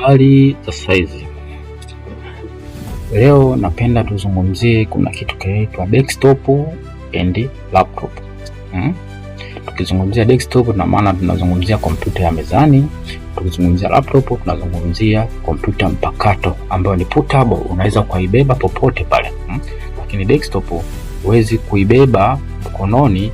Habari za saizi. Leo napenda tuzungumzie, kuna kitu kinaitwa desktop and laptop hmm? Tukizungumzia desktop na maana tunazungumzia kompyuta ya mezani, tukizungumzia laptop tunazungumzia kompyuta mpakato ambayo ni portable, unaweza kuibeba popote pale hmm? Lakini desktop huwezi kuibeba mkononi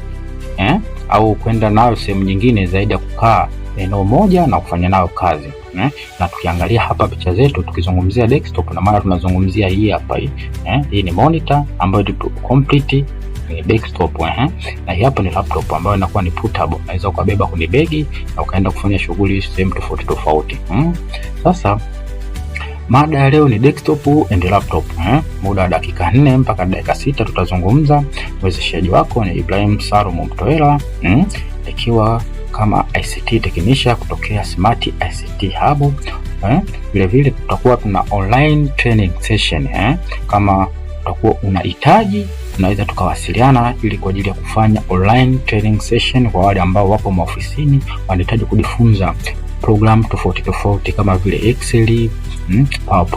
eh? Au kwenda nayo sehemu nyingine zaidi ya kukaa eneo moja na kufanya nayo kazi eh? Na tukiangalia hapa picha zetu tukizungumzia desktop na maana tunazungumzia hii hapa hii eh? Hii ni monitor ambayo tu complete ni desktop eh? Na hii hapa ni laptop ambayo inakuwa ni portable, unaweza ukabeba kwenye begi na ukaenda kufanya shughuli sehemu tofauti tofauti hmm? Sasa mada ya leo ni desktop and laptop eh? Muda wa dakika nne mpaka dakika sita tutazungumza. Mwezeshaji wako ni Ibrahim Salumu Mtoela hmm? ikiwa kama ICT Technician kutokea Smart ICT Hub. Eh? Vile vile tutakuwa tuna online training session eh. Kama utakuwa unahitaji tunaweza tukawasiliana ili kwa ajili ya kufanya online training session kwa wale ambao wapo maofisini wanahitaji kujifunza program tofauti tofauti kama vile Excel mm, kwa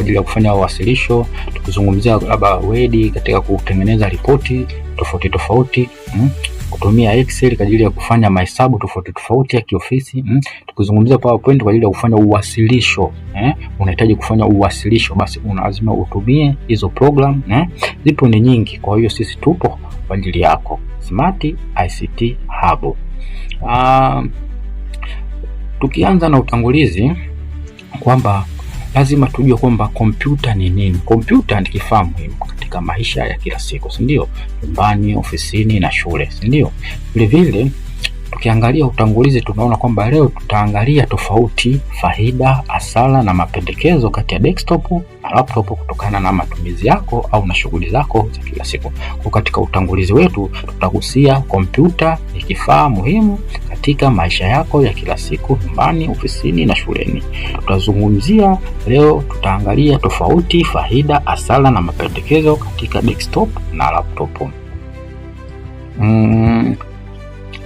ajili ya kufanya wasilisho, tukizungumzia labda Word katika kutengeneza ripoti tofauti tofauti mm, kutumia Excel kwa ajili ya kufanya mahesabu tofauti tofauti ya kiofisi mm. Tukizungumzia PowerPoint kwa ajili ya kufanya uwasilisho eh. Unahitaji kufanya uwasilisho, basi lazima utumie hizo program eh. Zipo ni nyingi, kwa hiyo sisi tupo kwa ajili yako Smart ICT Hub. Uh, tukianza na utangulizi kwamba lazima tujue kwamba kompyuta ni nini. Kompyuta ni kifaa muhimu katika maisha ya kila siku, si ndio? Nyumbani, ofisini na shule, si ndio? Vilevile tukiangalia utangulizi, tunaona kwamba leo tutaangalia tofauti, faida, hasara na mapendekezo kati ya desktop na laptop kutokana na matumizi yako au na shughuli zako za kila siku. Kwa katika utangulizi wetu tutagusia kompyuta ni kifaa muhimu katika maisha yako ya kila siku, nyumbani, ofisini na shuleni. Tutazungumzia leo, tutaangalia tofauti, faida, hasara na mapendekezo katika desktop na laptop. Mm,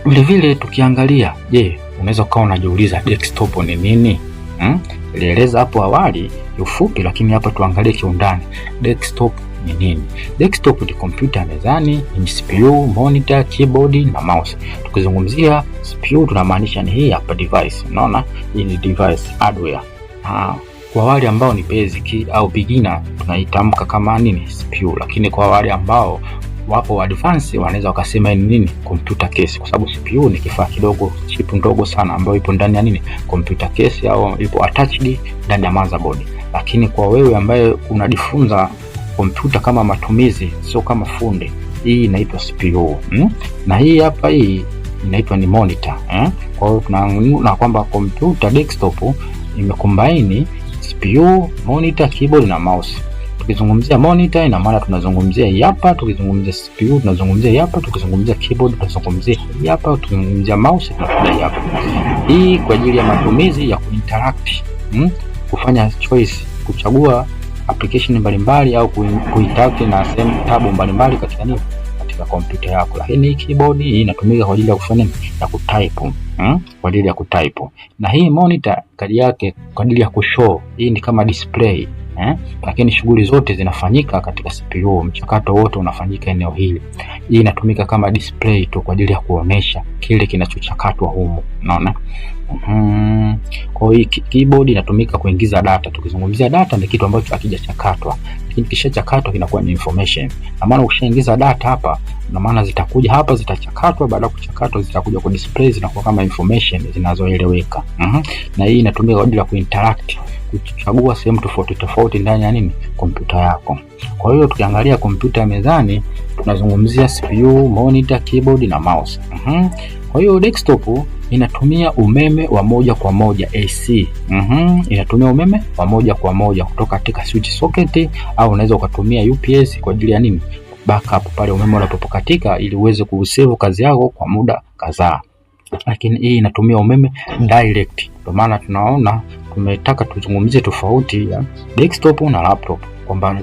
vilevile tukiangalia, je, unaweza ukawa unajiuliza desktop ni nini? Hmm? Ilieleza hapo awali ufupi lakini hapa tuangalie kiundani desktop ni nini. Desktop ni kompyuta ya mezani yenye CPU, monitor, keyboard na mouse. Tukizungumzia CPU tunamaanisha ni hii hapa device. Unaona, hii ni device hardware. Ha, kwa wale ambao ni basic au beginner tunaitamka kama nini CPU, lakini kwa wale ambao wapo advance wanaweza wakasema ni nini computer case, kwa sababu CPU ni kifaa kidogo, chip ndogo sana ambayo ipo ndani ya nini computer case, au ipo attached ndani ya motherboard. Lakini kwa wewe ambaye unajifunza kompyuta kama matumizi, sio kama fundi. Hii inaitwa CPU hmm? na hii hapa hii inaitwa ni monitor eh? Kwa hiyo tunaona kwamba kompyuta desktop imekumbaini CPU, monitor, keyboard na mouse. Tukizungumzia monitor ina maana tunazungumzia hapa, tukizungumzia CPU tunazungumzia hapa, tukizungumzia keyboard tunazungumzia hapa, tukizungumzia mouse tunakuja hapa. Hii kwa ajili ya matumizi ya kuinteract, hmm? kufanya choice, kuchagua application mbalimbali au kuinteract na same tabu mbalimbali katika nini katika kompyuta yako. Lakini hii keyboard hii inatumika kwa ajili ya kufanya na kutype, hmm? kwa ajili ya kutype. Na hii monitor kadi yake kwa ajili ya kushow, hii ni kama display Eh, lakini shughuli zote zinafanyika katika CPU, mchakato wote unafanyika eneo hili. Hii inatumika kama display tu kwa ajili ya kuonesha kile kinachochakatwa humo, unaona. Mm. Kwa hiyo keyboard inatumika kuingiza data. Tukizungumzia data ni kitu ambacho hakijachakatwa. Lakini kishachakatwa kinakuwa ni information. Na maana ukishaingiza data hapa, na maana zitakuja hapa zitachakatwa, baada ya kuchakatwa zitakuja ku display zinakuwa kama information zinazoeleweka. Mm -hmm. Na hii inatumika kwa ajili ya kuinteract, kuchagua sehemu tofauti tofauti ndani ya nini? Kompyuta yako. Kwa hiyo tukiangalia kompyuta ya mezani tunazungumzia CPU, monitor, keyboard na mouse. Mm -hmm. Kwa hiyo desktop inatumia umeme wa moja kwa moja AC. Mm-hmm. Inatumia umeme wa moja kwa moja kutoka katika switch socket, au unaweza ukatumia UPS kwa ajili ya nini, backup pale umeme unapopokatika ili uweze kusevu kazi yako kwa muda kadhaa. Lakini hii inatumia umeme direct, Kwa maana tunaona tumetaka tuzungumzie tofauti ya desktop na laptop kwamba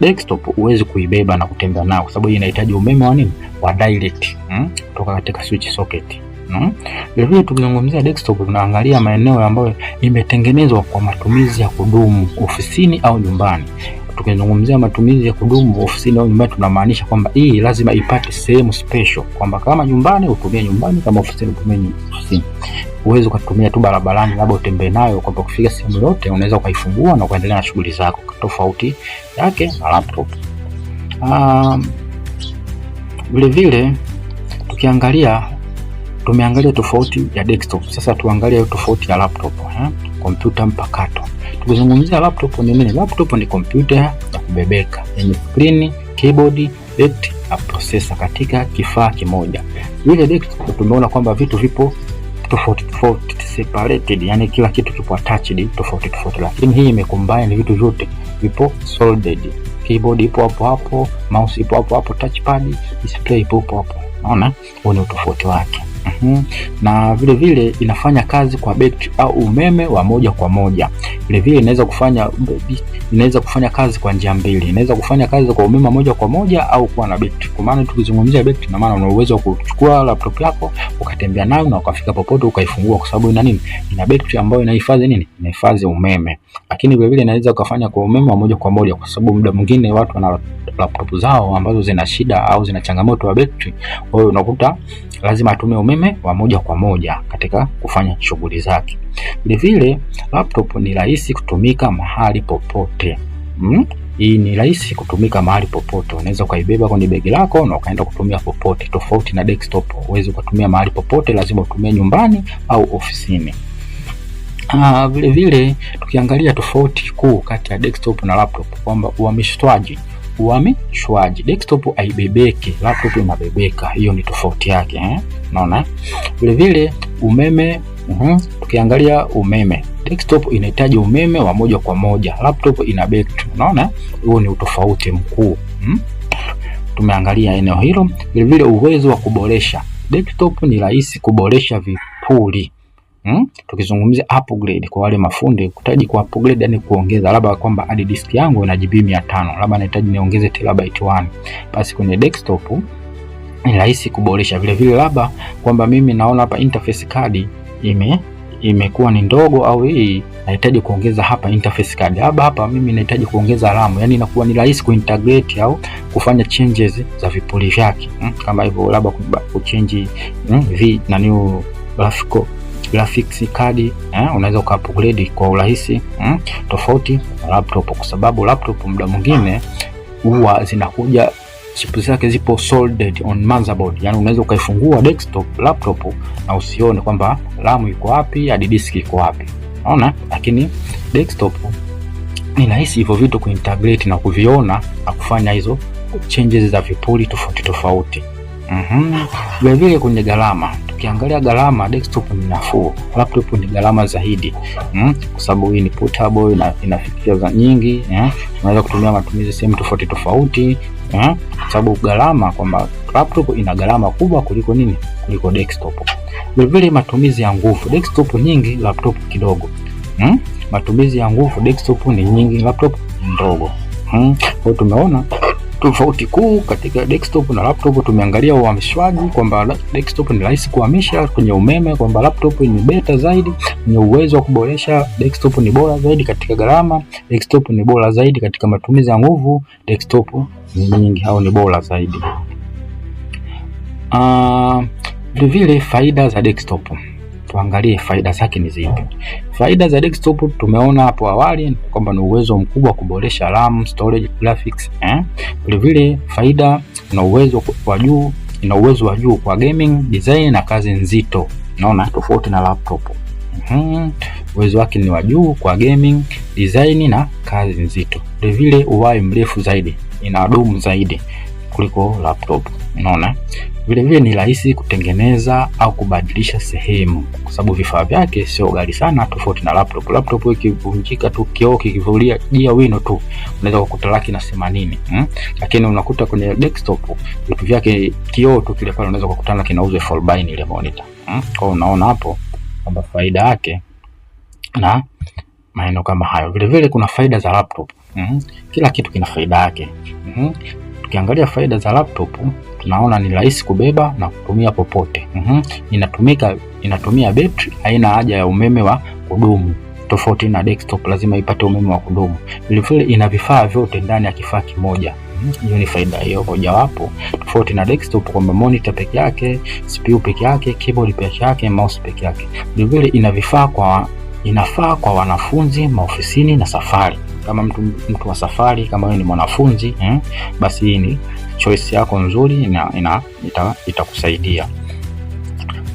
desktop huwezi kuibeba na kutembea nayo, kwa sababu inahitaji umeme wa nini, wa direct mhm, kutoka hmm, katika switch socket no? vile tukizungumzia desktop, tunaangalia maeneo ambayo imetengenezwa kwa matumizi ya kudumu ofisini au nyumbani. Tukizungumzia matumizi ya kudumu ofisini au nyumbani, tunamaanisha kwamba hii lazima ipate sehemu special, kwamba kama nyumbani utumie nyumbani, kama ofisini utumie ofisini. Huwezi ukatumia tu barabarani, labda utembee nayo, kwamba kufika sehemu yote unaweza ukaifungua na kuendelea na shughuli zako, tofauti yake na laptop. Um, vile vile tukiangalia Tumeangalia tofauti ya desktop, sasa tuangalie tofauti ya laptop eh, kompyuta mpakato. Tukizungumzia laptop ni nini? Laptop ni kompyuta ya kubebeka yenye screen, keyboard, veti na processor katika kifaa kimoja. Ile desktop tumeona kwamba vitu vipo tofauti tofauti, separated, yani kila kitu kipo attached tofauti tofauti, lakini hii imecombine vitu vyote vipo soldered. Keyboard ipo hapo hapo, mouse ipo hapo hapo, touchpad, display ipo hapo hapo. Unaona, huo ni utofauti wake. Uhum. Na vile vile inafanya kazi kwa betri au umeme wa moja kwa moja. Vile vile inaweza kufanya inaweza kufanya kazi kwa njia mbili, inaweza kufanya kazi kwa umeme moja kwa moja au kuwa na betri. Kwa maana tukizungumzia betri, na maana una uwezo wa kuchukua laptop yako ukatembea nayo na ukafika popote ukaifungua, kwa sababu ina nini? Ina betri ambayo inahifadhi nini? Inahifadhi umeme. Lakini vile vile inaweza kufanya kwa umeme wa moja kwa moja, kwa sababu muda mwingine watu wana laptop zao ambazo zina shida au zina changamoto ya betri, kwa hiyo unakuta lazima atumie umeme umeme wa moja kwa moja katika kufanya shughuli zake. Vilevile, laptop ni rahisi kutumika mahali popote hmm? Hii ni rahisi kutumika mahali popote, unaweza ukaibeba kwenye begi lako na ukaenda kutumia popote, tofauti na desktop, huwezi ukatumia mahali popote, lazima utumie nyumbani au ofisini. Vilevile ah, tukiangalia tofauti kuu kati ya desktop na laptop kwamba uhamishwaji wamechwaji. Desktop haibebeki, laptop inabebeka, hiyo ni tofauti yake eh? Naona vilevile umeme uhum. Tukiangalia umeme, desktop inahitaji umeme wa moja kwa moja, laptop ina betri. Unaona, huo ni utofauti mkuu hmm? Tumeangalia eneo hilo vilevile, uwezo wa kuboresha desktop ni rahisi kuboresha vipuli Hmm? Tukizungumzia upgrade kwa wale mafundi kutaji kwa upgrade yani kuongeza, labda kwamba hadi disk yangu ina GB 500 labda nahitaji niongeze terabyte 1, basi kwenye desktop ni rahisi kuboresha vile vile, labda kwamba mimi naona hapa interface card ime imekuwa ni ndogo au hii nahitaji kuongeza hapa interface card, labda hapa mimi nahitaji kuongeza RAM, yani inakuwa ni rahisi kuintegrate au kufanya changes za vipuri vyake, hmm? kama hivyo labda kuchange hmm? v na new graphical graphics card eh, unaweza uka upgrade kwa urahisi mm, tofauti na laptop, kwa sababu laptop muda mwingine huwa zinakuja chip zake zipo soldered on motherboard, yani unaweza ukaifungua desktop laptop na usione kwamba RAM iko wapi hadi disk iko wapi, unaona. Lakini desktop ni rahisi hivyo vitu kuintegrate na kuviona na kufanya hizo changes za vipuri tofauti tofauti. Vilevile mm -hmm. kwenye gharama tukiangalia gharama, desktop ni nafuu, laptop ni gharama zaidi mm? kwa sababu hii ni portable, na ina features za nyingi yeah? unaweza kutumia matumizi sehemu tofauti tofauti yeah? kwa sababu gharama kwamba laptop ina gharama kubwa kuliko nini, kuliko desktop. Vile vile matumizi ya nguvu, desktop nyingi, laptop kidogo mm? matumizi ya nguvu, desktop ni nyingi, laptop ni ndogo mm? kwa hiyo tumeona Tofauti kuu katika desktop na laptop, tumeangalia uhamishwaji kwamba desktop ni rahisi kuhamisha kwenye umeme, kwamba laptop ni beta zaidi, ni uwezo wa kuboresha. Desktop ni bora zaidi katika gharama, desktop ni bora zaidi katika matumizi ya nguvu, desktop ni nyingi au ni bora zaidi. Uh, vilevile faida za desktop tuangalie faida zake ni zipi. Faida za desktop tumeona hapo awali kwamba ni uwezo mkubwa wa kuboresha RAM, storage, graphics eh. Vile vile faida na uwezo wa juu ina uwezo wa juu kwa gaming, design na kazi nzito. Naona tofauti na laptop. Mm-hmm. Uwezo wake ni wa juu kwa gaming, design na kazi nzito. Vile vile uhai mrefu zaidi, inadumu zaidi kuliko laptop. Unaona, Vile vile ni rahisi kutengeneza au kubadilisha sehemu, kwa sababu vifaa vyake sio ghali sana, tofauti na laptop. Laptop ikivunjika tu kioo kikivulia jia wino tu unaweza kukuta laki na themanini hmm? Lakini unakuta kwenye desktop vitu vyake kioo tu kile pale unaweza kukutana kinauzwa elfu arobaini ile monitor hmm? Kwa unaona hapo kwamba faida yake na maeneo kama hayo. Vile vile kuna faida za laptop hmm? Kila kitu kina faida yake hmm? Tukiangalia faida za laptop tunaona ni rahisi kubeba na kutumia popote. mm -hmm. Inatumika, inatumia betri, haina haja ya umeme wa kudumu tofauti na desktop, lazima ipate umeme wa kudumu. Vilevile ina vifaa vyote ndani ya kifaa kimoja. Mhm. Hiyo ni faida hiyo mojawapo, tofauti na desktop kwamba monitor peke yake, CPU peke yake, keyboard peke yake, mouse peke yake. Vilevile ina vifaa kwa inafaa kwa wanafunzi maofisini na safari. Kama mtu, mtu wa safari kama wewe ni mwanafunzi eh, basi hii ni choice yako nzuri na ina, ina, itakusaidia ita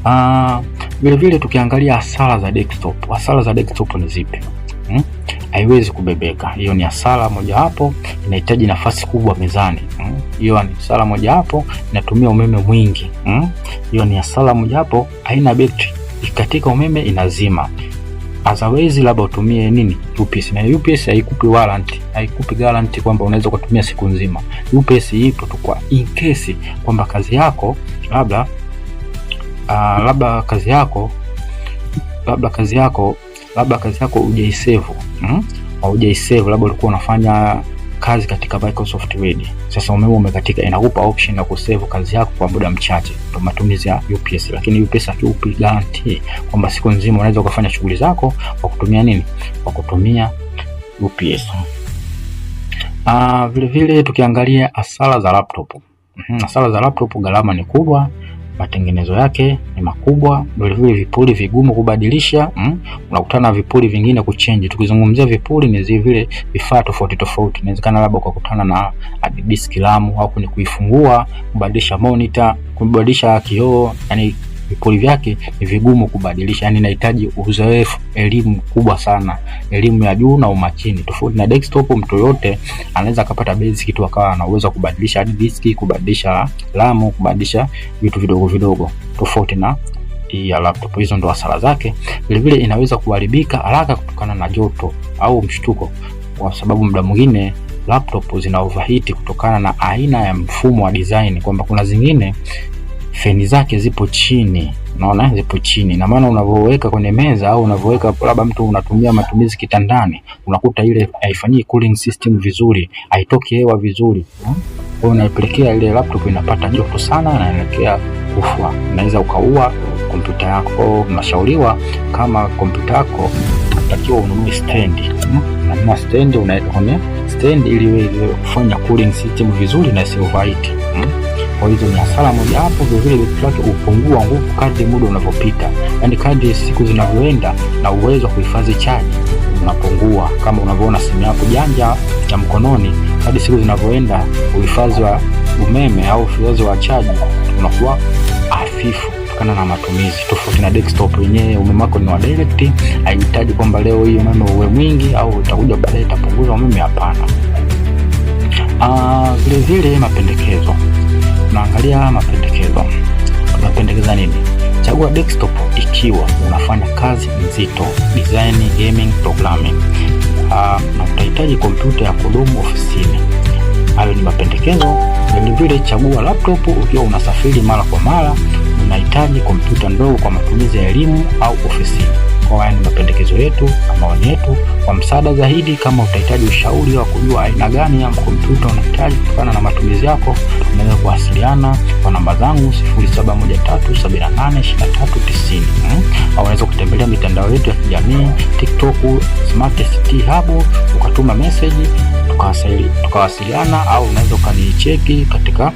ah, vilevile. Tukiangalia hasara za desktop, hasara za desktop ni zipi? Hmm? Haiwezi kubebeka. Hiyo ni hasara mojawapo, inahitaji nafasi kubwa mezani. Hmm? Hiyo hmm? ni hasara mojawapo, inatumia umeme mwingi. Hmm? Hiyo hmm? ni hasara mojawapo, haina betri, ikatika umeme inazima otherwise labda utumie nini UPS, na UPS haikupi warranty, haikupi guarantee kwamba unaweza kutumia siku nzima. UPS ipo tu kwa in case kwamba kazi yako labda uh, labda kazi yako labda kazi yako labda kazi yako hujaisave, hmm? Hujaisave labda ulikuwa unafanya kazi katika Microsoft Word. Sasa umeme umekatika, inakupa option ya kusave kazi yako kwa muda mchache kwa matumizi ya UPS, lakini UPS hakupi guarantee kwamba siku nzima unaweza kufanya shughuli zako kwa kutumia nini, kwa kutumia UPS. Ah, vile vile tukiangalia hasara za laptop. Mhm, hasara za laptop, gharama ni kubwa matengenezo yake ni makubwa, vilevile vipuli vigumu kubadilisha mm. Unakutana na vipuli vingine kuchange. Tukizungumzia vipuli ni zile vile vifaa tofauti tofauti, inawezekana labda ukakutana na diski lamu au ni kuifungua, kubadilisha monitor, kubadilisha kioo, yani vipuri vyake ni vigumu kubadilisha, yani inahitaji uzoefu, elimu kubwa sana, elimu ya juu na umakini. Tofauti na desktop, mtu yote anaweza akapata basic tu akawa ana uwezo kubadilisha hadi disk, kubadilisha RAM, kubadilisha vitu vidogo vidogo, tofauti na ya laptop. Hizo ndo hasara zake. Vile vile inaweza kuharibika haraka kutokana na joto au mshtuko, kwa sababu muda mwingine laptop zina overheat kutokana na aina ya mfumo wa design, kwamba kuna zingine feni zake zipo chini, unaona zipo chini, na maana unavyoweka kwenye meza au unavyoweka labda mtu unatumia matumizi kitandani, unakuta ile haifanyii cooling system vizuri, haitoki hewa vizuri, kwa hiyo inapelekea ile laptop inapata joto sana na inaelekea kufa, unaweza ukaua kompyuta yako. Unashauriwa kama kompyuta yako unatakiwa ununue stendi hmm? unanunua stand, unaweka stand ili iwe kufanya cooling system vizuri na sio vaiti hmm? Kwa hizo ni hasara moja hapo. vile betri upungua nguvu kadri muda unavyopita, yani kadri siku zinavyoenda na uwezo wa kuhifadhi chaji unapungua. Kama unavyoona simu yako janja ya mkononi, hadi siku zinavyoenda uhifadhi wa umeme au uwezo wa chaji unakuwa hafifu kutokana na matumizi, tofauti na desktop yenyewe umeme wako ni wa direct, haihitaji kwamba leo hii umeme uwe mwingi au utakuja baadaye itapunguza umeme. Hapana. Ah, vile vile mapendekezo, tunaangalia mapendekezo, unapendekeza nini? Chagua desktop ikiwa unafanya kazi nzito, design, gaming, programming, ah, na utahitaji kompyuta ya kudumu ofisini. Hayo ni mapendekezo. Vile vile chagua laptop ukiwa unasafiri mara kwa mara mnahitaji kompyuta ndogo kwa matumizi ya elimu au ofisini. Kwa haya ni mapendekezo yetu na maoni yetu. Kwa msaada zaidi, kama utahitaji ushauri wa kujua aina gani ya kompyuta unahitaji kutokana na matumizi yako, unaweza kuwasiliana kwa namba zangu 0713782390 hmm? au unaweza kutembelea mitandao yetu ya kijamii TikTok, Smart City Hub, ukatuma message tukawasiliana, au unaweza ukanicheki katika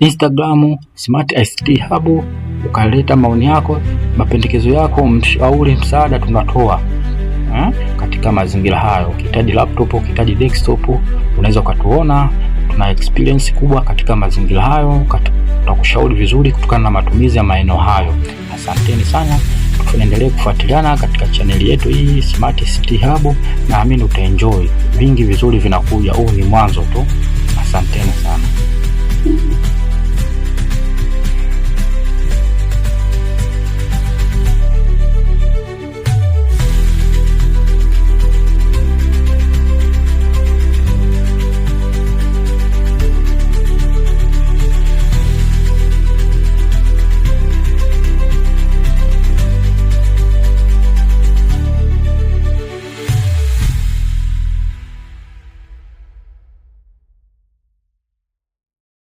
Instagram Smart ICT Hub, ukaleta maoni yako, mapendekezo yako, mshauri, msaada tunatoa ha? katika mazingira hayo. Ukihitaji laptop, ukihitaji desktop, unaweza ukatuona. Tuna experience kubwa katika mazingira hayo, tutakushauri vizuri kutokana na matumizi ya maeneo hayo. Asanteni sana, tuendelee kufuatiliana katika chaneli yetu hii Smart ICT Hub. Naamini utaenjoy, vingi vizuri vinakuja. Huu ni mwanzo tu. Asanteni sana.